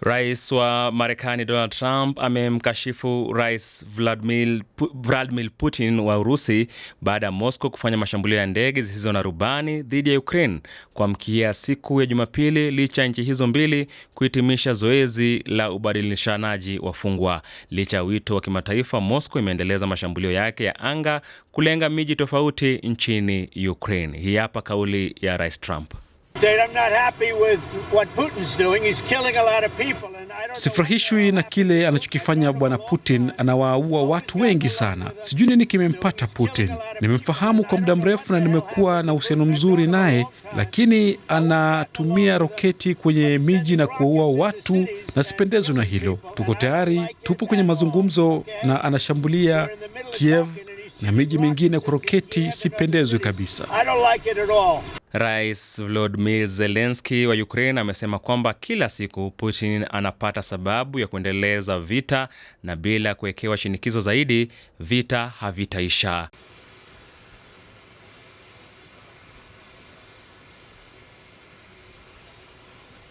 Rais wa Marekani Donald Trump amemkashifu Rais Vladimir, Putin wa Urusi baada ya Moscow kufanya mashambulio ya ndege zisizo na rubani dhidi ya Ukraine kuamkia siku ya Jumapili licha ya nchi hizo mbili kuhitimisha zoezi la ubadilishanaji wafungwa. Licha ya wito wa kimataifa, Moscow imeendeleza mashambulio yake ya anga kulenga miji tofauti nchini Ukraine. Hii hapa kauli ya Rais Trump. Sifurahishwi na kile anachokifanya Bwana Putin. Anawaua watu wengi sana. Sijui nini kimempata Putin. Nimemfahamu kwa muda mrefu na nimekuwa na uhusiano mzuri naye, lakini anatumia roketi kwenye miji na kuwaua watu, na sipendezwi na hilo. Tuko tayari, tupo kwenye mazungumzo, na anashambulia Kiev na miji mingine kwa roketi. Sipendezwi kabisa. Rais vlodmir zelenski wa Ukraine amesema kwamba kila siku Putin anapata sababu ya kuendeleza vita na bila kuwekewa shinikizo zaidi, vita havitaisha.